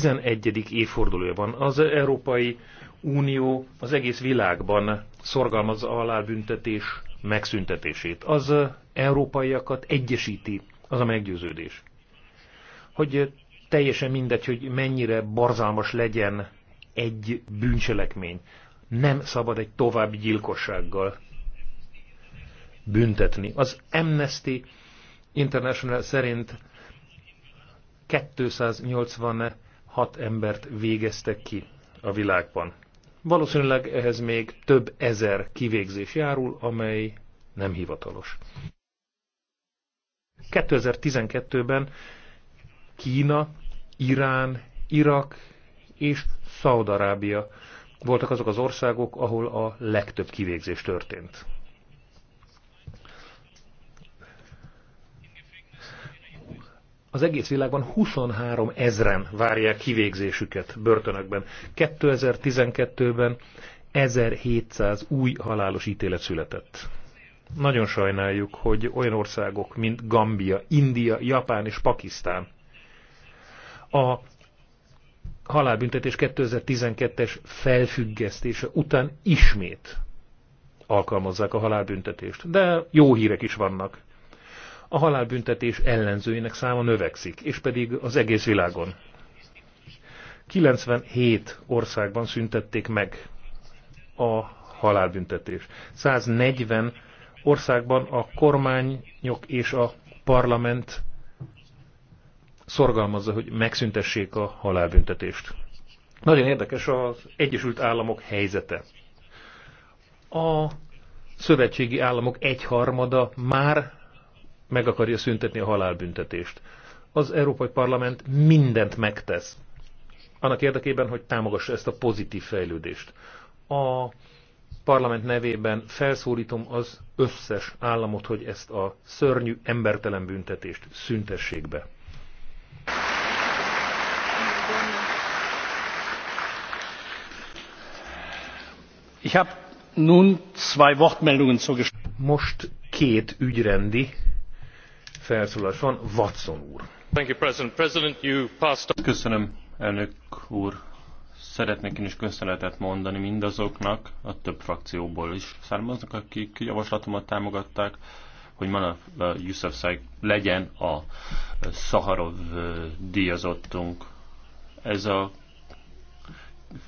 11. évfordulója van. Az Európai Unió az egész világban szorgalmazza a halálbüntetés megszüntetését. Az európaiakat egyesíti az a meggyőződés. Hogy teljesen mindegy, hogy mennyire barzalmas legyen egy bűncselekmény. Nem szabad egy további gyilkossággal büntetni. Az Amnesty International szerint 280 hat embert végeztek ki a világban. Valószínűleg ehhez még több ezer kivégzés járul, amely nem hivatalos. 2012-ben Kína, Irán, Irak és Szaudarábia voltak azok az országok, ahol a legtöbb kivégzés történt. az egész világban 23 ezren várják kivégzésüket börtönökben. 2012-ben 1700 új halálos ítélet született. Nagyon sajnáljuk, hogy olyan országok, mint Gambia, India, Japán és Pakisztán a halálbüntetés 2012-es felfüggesztése után ismét alkalmazzák a halálbüntetést. De jó hírek is vannak a halálbüntetés ellenzőinek száma növekszik, és pedig az egész világon. 97 országban szüntették meg a halálbüntetés. 140 országban a kormányok és a parlament szorgalmazza, hogy megszüntessék a halálbüntetést. Nagyon érdekes az Egyesült Államok helyzete. A szövetségi államok egyharmada már meg akarja szüntetni a halálbüntetést. Az Európai Parlament mindent megtesz annak érdekében, hogy támogassa ezt a pozitív fejlődést. A parlament nevében felszólítom az összes államot, hogy ezt a szörnyű, embertelen büntetést szüntessék be. nun zwei Wortmeldungen Most két ügyrendi felszólalás van. Watson úr. Köszönöm, elnök úr. Szeretnék én is köszönetet mondani mindazoknak, a több frakcióból is származnak, akik javaslatomat támogatták, hogy Manaf eh, Yousafzai legyen a eh, Szaharov eh, díjazottunk. Ez a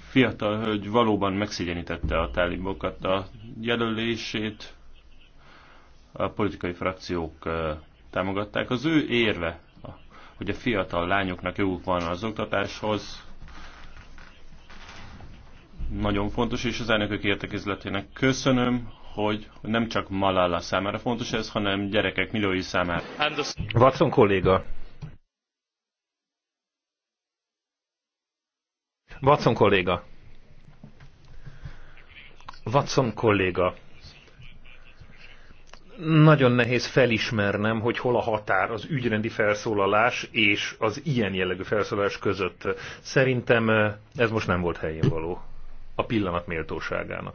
fiatal hölgy valóban megszigyenítette a tálibokat a jelölését, a politikai frakciók támogatták. Az ő érve, hogy a fiatal lányoknak joguk van az oktatáshoz, nagyon fontos, és az elnökök értekezletének köszönöm, hogy nem csak Malala számára fontos ez, hanem gyerekek milliói számára. Watson kolléga. Watson kolléga. Watson kolléga nagyon nehéz felismernem, hogy hol a határ az ügyrendi felszólalás és az ilyen jellegű felszólalás között. Szerintem eh, ez most nem volt helyén való a pillanat méltóságának.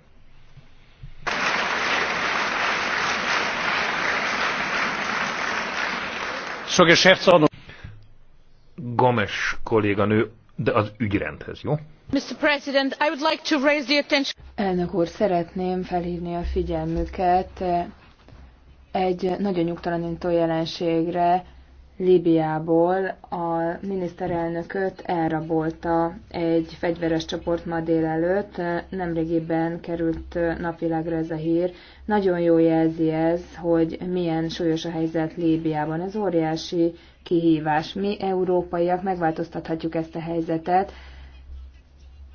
Gomes kolléganő, de az ügyrendhez, jó? Mr. President, I would like to raise the attention... Elnök úr, szeretném felhívni a figyelmüket eh, egy nagyon nyugtalanító jelenségre Líbiából. A miniszterelnököt elrabolta egy fegyveres csoport ma délelőtt. Nemrégiben került napvilágra ez a hír. Nagyon jó jelzi ez, hogy milyen súlyos a helyzet Líbiában. Ez óriási kihívás. Mi európaiak megváltoztathatjuk ezt a helyzetet.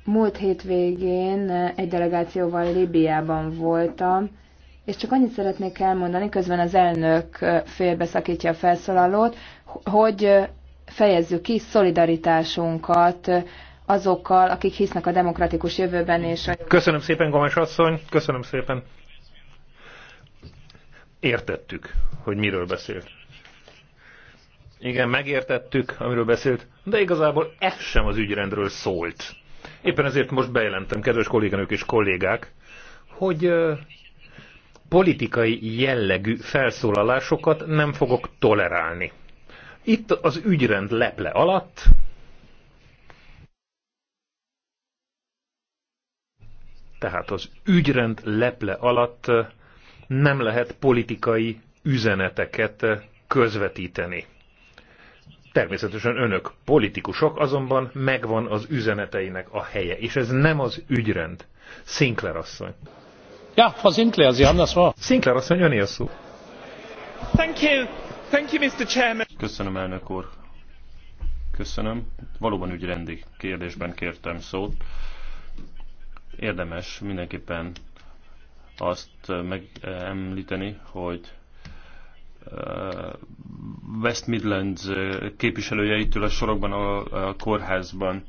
Múlt hétvégén egy delegációval Líbiában voltam, és csak annyit szeretnék elmondani, közben az elnök félbeszakítja a felszólalót, hogy fejezzük ki szolidaritásunkat azokkal, akik hisznek a demokratikus jövőben. És a... Köszönöm szépen, Gomes asszony, köszönöm szépen. Értettük, hogy miről beszélt. Igen, megértettük, amiről beszélt, de igazából ez sem az ügyrendről szólt. Éppen ezért most bejelentem, kedves kolléganők és kollégák, hogy politikai jellegű felszólalásokat nem fogok tolerálni. Itt az ügyrend leple alatt tehát az ügyrend leple alatt nem lehet politikai üzeneteket közvetíteni. Természetesen önök politikusok, azonban megvan az üzeneteinek a helye, és ez nem az ügyrend. Sinclair asszony. Ja, Frau Sinclair, Sie haben das Wort. Sinclair asszony, öné a szó. Thank you. Thank you, Mr. Chairman. Köszönöm, elnök úr. Köszönöm. Valóban ügyrendi kérdésben kértem szót. Érdemes mindenképpen azt eh, megemlíteni, hogy eh, West Midlands eh, képviselője a sorokban a kórházban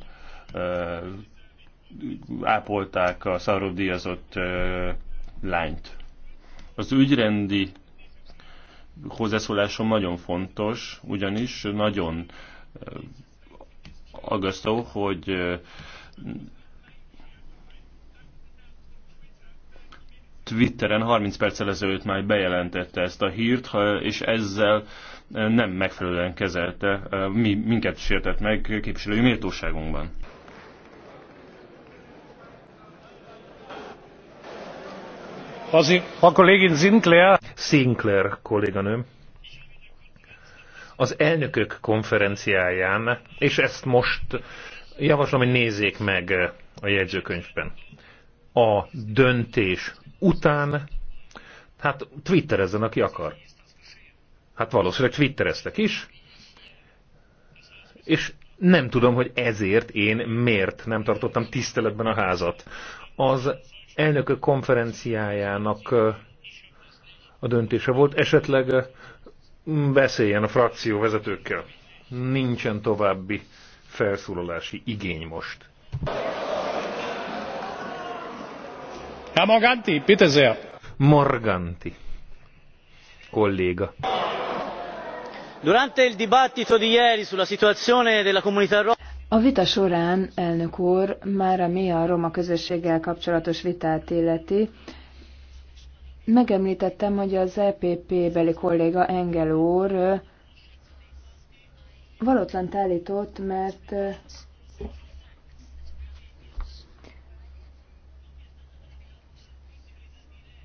ápolták a szarrodíjazott lányt. Az ügyrendi hozzászólásom nagyon fontos, ugyanis nagyon eh, aggasztó, hogy eh, Twitteren 30 perccel ezelőtt már bejelentette ezt a hírt, és ezzel eh, nem megfelelően kezelte, mi, minket sértett meg képviselői méltóságunkban. A kollegin Sinclair. Sinclair kolléganőm. Az elnökök konferenciáján, és ezt most javaslom, hogy nézzék meg a jegyzőkönyvben. A döntés után, hát twitterezzen, aki akar. Hát valószínűleg twittereztek is, és nem tudom, hogy ezért én miért nem tartottam tiszteletben a házat. Az elnökök konferenciájának a döntése volt, esetleg beszéljen a frakció vezetőkkel. Nincsen további felszólalási igény most. Herr Morganti, pitezer. Morganti, kolléga. Durante il dibattito di ieri sulla situazione della comunità a vita során, elnök úr, már ami a roma közösséggel kapcsolatos vitát illeti, megemlítettem, hogy az EPP beli kolléga Engel úr valótlant állított, mert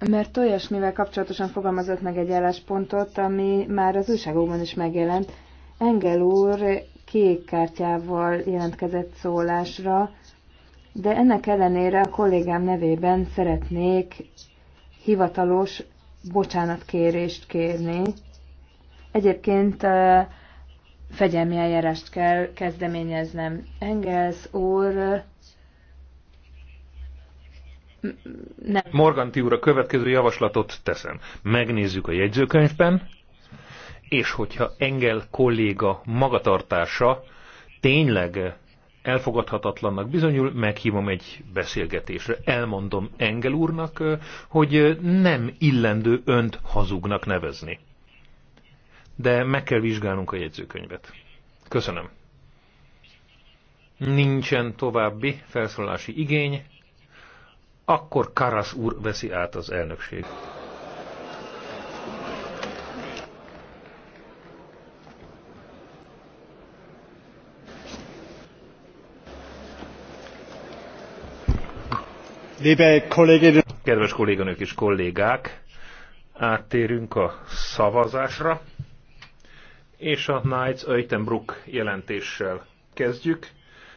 mert olyasmivel kapcsolatosan fogalmazott meg egy álláspontot, ami már az újságokban is megjelent. Engel úr kék kártyával jelentkezett szólásra, de ennek ellenére a kollégám nevében szeretnék hivatalos bocsánatkérést kérni. Egyébként fegyelmi eljárást kell kezdeményeznem. Engels úr nem. Morganti úr, a következő javaslatot teszem. Megnézzük a jegyzőkönyvben, és hogyha Engel kolléga magatartása tényleg elfogadhatatlannak bizonyul, meghívom egy beszélgetésre. Elmondom Engel úrnak, hogy nem illendő önt hazugnak nevezni. De meg kell vizsgálnunk a jegyzőkönyvet. Köszönöm. Nincsen további felszólási igény, akkor Karasz úr veszi át az elnökség. Kedves kolléganők és kollégák, áttérünk a szavazásra, és a Knights Öjtenbruck jelentéssel kezdjük.